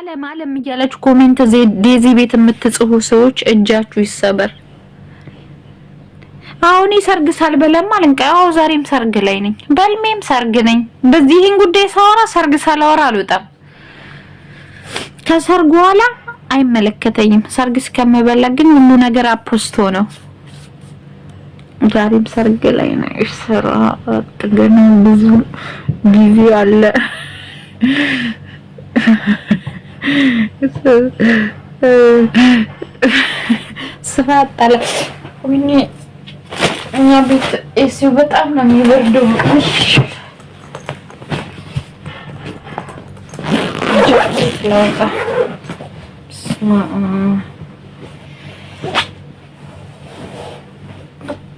አለም አለም እያላችሁ ኮሜንት ዴዚ ቤት የምትጽፉ ሰዎች እጃችሁ ይሰበር። አሁን ሰርግ ሳልበላም አልንቀ አዎ፣ ዛሬም ሰርግ ላይ ነኝ፣ በልሜም ሰርግ ነኝ። በዚህን ጉዳይ ሳወራ ሰርግ ሳላወራ አልወጣም። ከሰርግ በኋላ አይመለከተኝም። ሰርግ እስከምበላ ግን ሁሉ ነገር አፖስቶ ነው። ዛሬም ሰርግ ላይ ነው። ስራ ገና ብዙ ጊዜ አለ። ስፋት አለ ወይኔ፣ እኛ ቤት ኤሲው በጣም ነው የሚበርደው።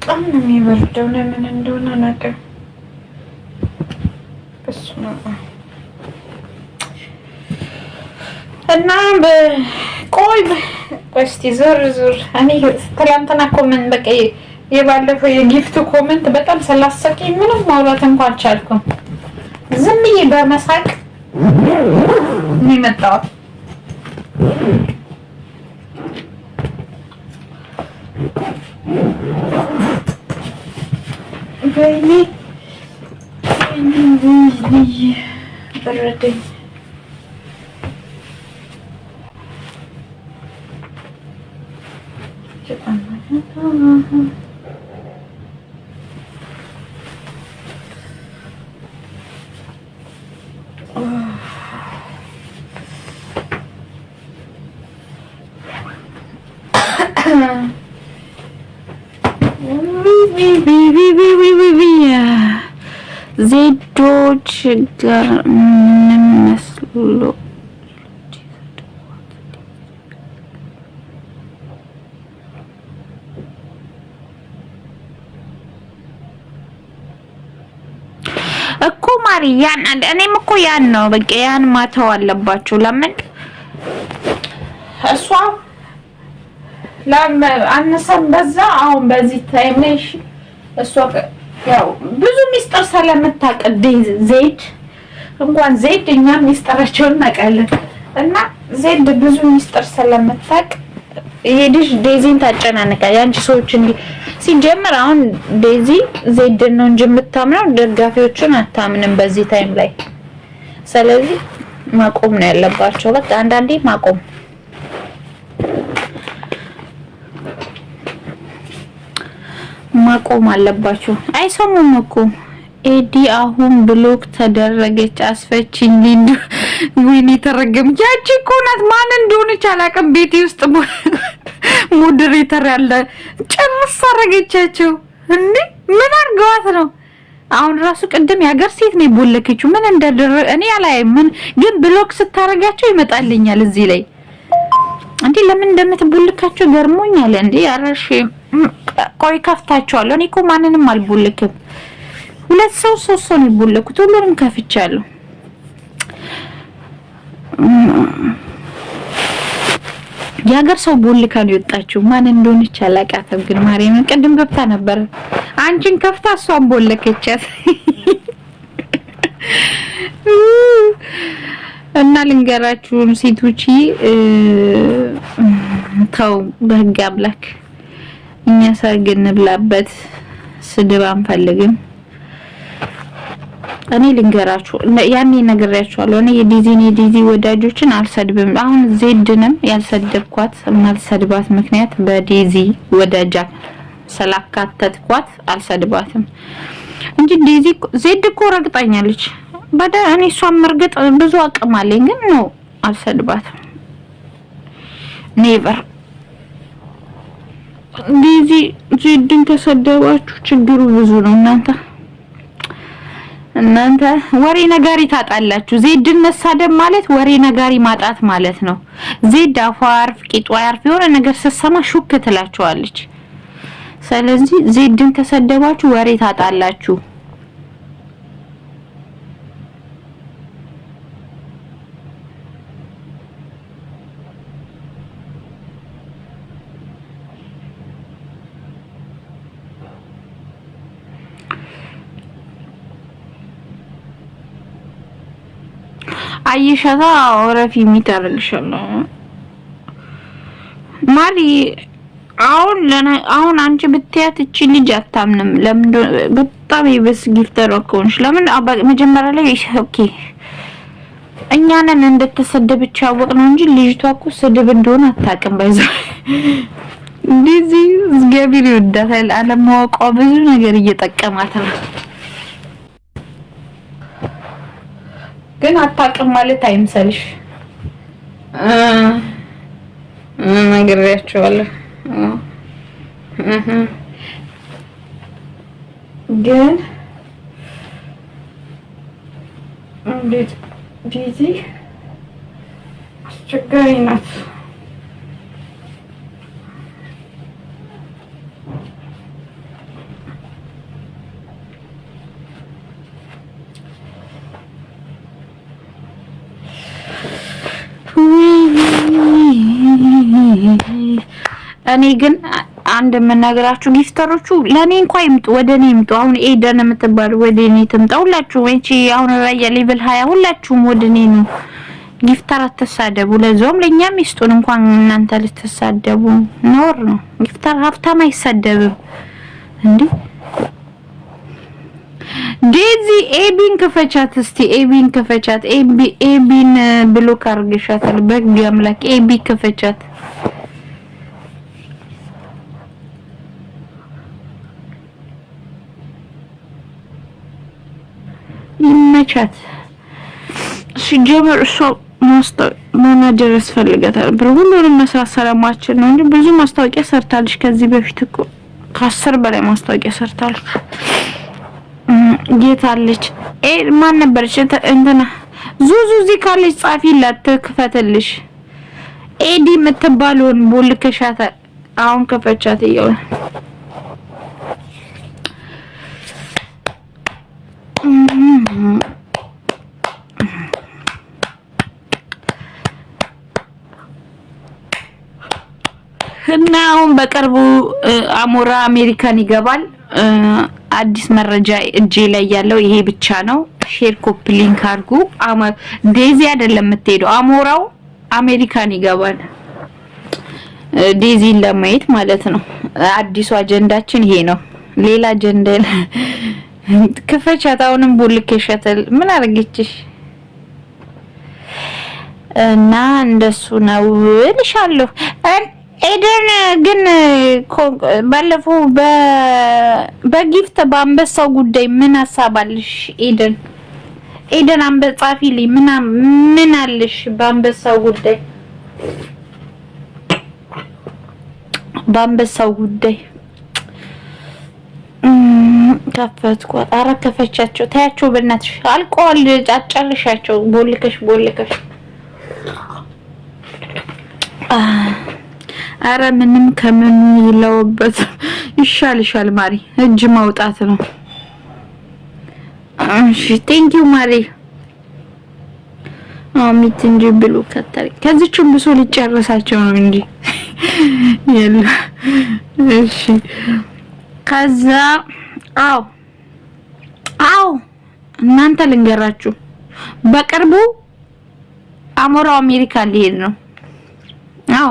በጣም ነው የሚበርደው። ለምን እንደሆነ አላውቅም። እና ቆይ እስቲ ዞር ዞር እኔ ትላንትና ኮመንት በቃ የባለፈው የጊፍቱ ኮመንት በጣም ስላሰቂ ምንም ማውራት እንኳን አልቻልኩም። ዝም ብዬ በመሳቅ ነው የመጣሁት። በይኔ በረደኝ። Z torch got a minimalist look. ያን ያን አንድ እኔም እኮ ያን ነው በቃ ያን ማተው አለባችሁ። ለምን እሷ ለምን አነሰም በዛ አሁን በዚህ ታይም ታይሜሽ እሷ ያው ብዙ ሚስጥር ስለምታቀደ ዘይድ እንኳን ዘይድ እኛ ሚስጥራቸውን እናውቃለን እና ዘይድ ብዙ ሚስጥር ስለምታቅ ይሄ ዴዚን ታጨናንቃል። ያንቺ ሰዎች እንዲህ ሲጀምር አሁን ዴዚ ዜድን ነው እንጂ የምታምነው ደጋፊዎቹን አታምንም በዚህ ታይም ላይ። ስለዚህ ማቆም ነው ያለባቸው። በቃ አንዳንዴ ማቆም ማቆም አለባቸው። አይሰሙም እኮ ኤዲ አሁን ብሎክ ተደረገች። አስፈች ሊንዱ ወይኔ ተረገም ያቺ እኮ ናት። ማን እንደሆነች አላውቅም ቤቴ ውስጥ ሞዴሬተር ያለ ጭርስ አረገቻቸው። እንዴ ምን አርገዋት ነው? አሁን ራሱ ቅድም የሀገር ሴት ነው የቦለከችው። ምን እንዳደረገ እኔ አላየም። ምን ግን ብሎክ ስታረጋቸው ይመጣልኛል እዚህ ላይ እንዴ ለምን እንደምትቦልካቸው ገርሞኛል። እንዴ አራሽ ቆይ ከፍታቸዋለሁ። እኔ እኮ ማንንም አልቦልክም። ሁለት ሰው ሶስት ሰው ነው የቦለኩት። ሁሉንም ከፍቻለሁ። የሀገር ሰው ቦልካ ነው የወጣችው። ማን እንደሆነች አላውቃትም፣ ግን ማርያምን ቅድም ገብታ ነበር። አንቺን ከፍታ እሷን ቦለከቻት እና ልንገራችሁን ሴቶች ተው፣ በህግ አምላክ እኛ ሰርግ እንብላበት፣ ስድብ አንፈልግም። እኔ ልንገራችሁ፣ ያኔ ነግሬያችኋለሁ። እኔ የዲዚኒ ዲዚ ወዳጆችን አልሰድብም። አሁን ዜድንም ያልሰደብኳት የማልሰድባት ምክንያት በዲዚ ወዳጃ ስላካተትኳት አልሰድባትም እንጂ ዲዚ ዜድ እኮ ረግጣኛለች። በደ እኔ እሷን መርገጥ ብዙ አቅም አለኝ፣ ግን ነው አልሰድባትም። ኔቨር ዲዚ ዜድን ከሰደባችሁ ችግሩ ብዙ ነው እናንተ እናንተ ወሬ ነጋሪ ታጣላችሁ። ዜድን መሳደብ ማለት ወሬ ነጋሪ ማጣት ማለት ነው። ዜድ አፏ አርፍ ቂጧ አርፍ የሆነ ነገር ስትሰማ ሹክ ትላችኋለች። ስለዚህ ዜድን ከሰደባችሁ ወሬ ታጣላችሁ። አይሻታ ወረፊ የሚጠርልሻለሁ ማሪ አሁን ለና አሁን አንቺ ብትያት እቺ ልጅ አታምንም። ለምን በጣም የበስ ጊፍተር ከሆንሽ ለምን መጀመሪያ ላይ ኦኬ እኛ እንደተሰደበች ያወቅ ነው እንጂ ልጅቷ እኮ ስድብ እንደሆነ አታውቅም። ባይዛ እንደዚህ እግዚአብሔር ይወዳታል። አለማወቋ ብዙ ነገር እየጠቀማት ነው። ግን አታውቅም ማለት አይምሰልሽ። ነግሬያቸዋለሁ። ግን እንዴት ዲዚ አስቸጋሪ ናት። እኔ ግን አንድ የምነግራችሁ ጊፍተሮቹ ለኔ እንኳን ይምጡ፣ ወደ እኔ ይምጡ። አሁን ኤደን የምትባሉ ወደ እኔ ትምጣ ሁላችሁም። እቺ አሁን ራያ ሌቭል ሀያ ሁላችሁም ወደ እኔ ነው። ጊፍተር አትሳደቡ። ለዛውም ለእኛም ይስጡን። እንኳን እናንተ ልትሳደቡ ኖር ነው። ጊፍተር ሀብታም አይሳደብም እንዴ? ዴዚ ኤቢን ክፈቻት እስቲ፣ ኤቢን ክፈቻት። ኤቢ ኤቢን ብሎክ አድርገሻታል። በግ አምላክ ኤቢ ክፈቻት። ይመቻት። ሲጀምር እሷ ማናጀር ያስፈልጋታል ብሎ ሁሉንም መስራት ሰላማችን ነው እንጂ ብዙ ማስታወቂያ ሰርታለች። ከዚህ በፊት እኮ ከአስር በላይ ማስታወቂያ ሰርታለች። ጌታለች ማን ነበረች? እንትና ዙዙ እዚህ ካለች ጻፊላት ትክፈትልሽ። ኤዲ የምትባለውን ቦልከሻታል። አሁን ከፈቻት እያው እና አሁን በቅርቡ አሞራ አሜሪካን ይገባል። አዲስ መረጃ እጄ ላይ ያለው ይሄ ብቻ ነው። ሼር ኮፕ ሊንክ አድርጉ። ዴዚ አይደለም የምትሄደው፣ አሞራው አሜሪካን ይገባል። ዴዚን ለማየት ማለት ነው። አዲሱ አጀንዳችን ይሄ ነው። ሌላ አጀንዳ ክፈቻት። አሁንም ቡልክ ይሸተል ምን አርግችሽ እና እንደሱ ነው ልሻለሁ። ኤደን ግን ባለፈው በጊፍት በአንበሳው ጉዳይ ምን ሀሳብ አለሽ ኤደን? ኤደን አንበ ምን ምን አለሽ በአንበሳው ጉዳይ በአንበሳው ጉዳይ ከፈትኩ ኧረ ከፈቻቸው ታያቸው በእናትሽ አልቀዋል። ጫጫልሻቸው ቦልከሽ ቦልከሽ። አረ ምንም ከምን ይለውበት ይሻልሻል ማሪ፣ እጅ ማውጣት ነው። እሺ ዩ ማሪ። አሚት እንጂ ብሉ ከተሪ ከዚችም ብሶ ሊጨርሳቸው ነው እንጂ የለ እሺ ከዛ አው አው እናንተ ልንገራችሁ፣ በቅርቡ አሞራው አሜሪካ ሊሄድ ነው። አው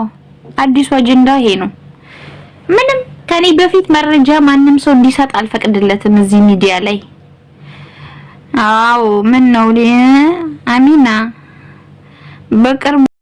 አዲሱ አጀንዳ ይሄ ነው። ምንም ከኔ በፊት መረጃ ማንም ሰው እንዲሰጥ አልፈቅድለትም እዚህ ሚዲያ ላይ። አው ምን ነው አሚና በቅርቡ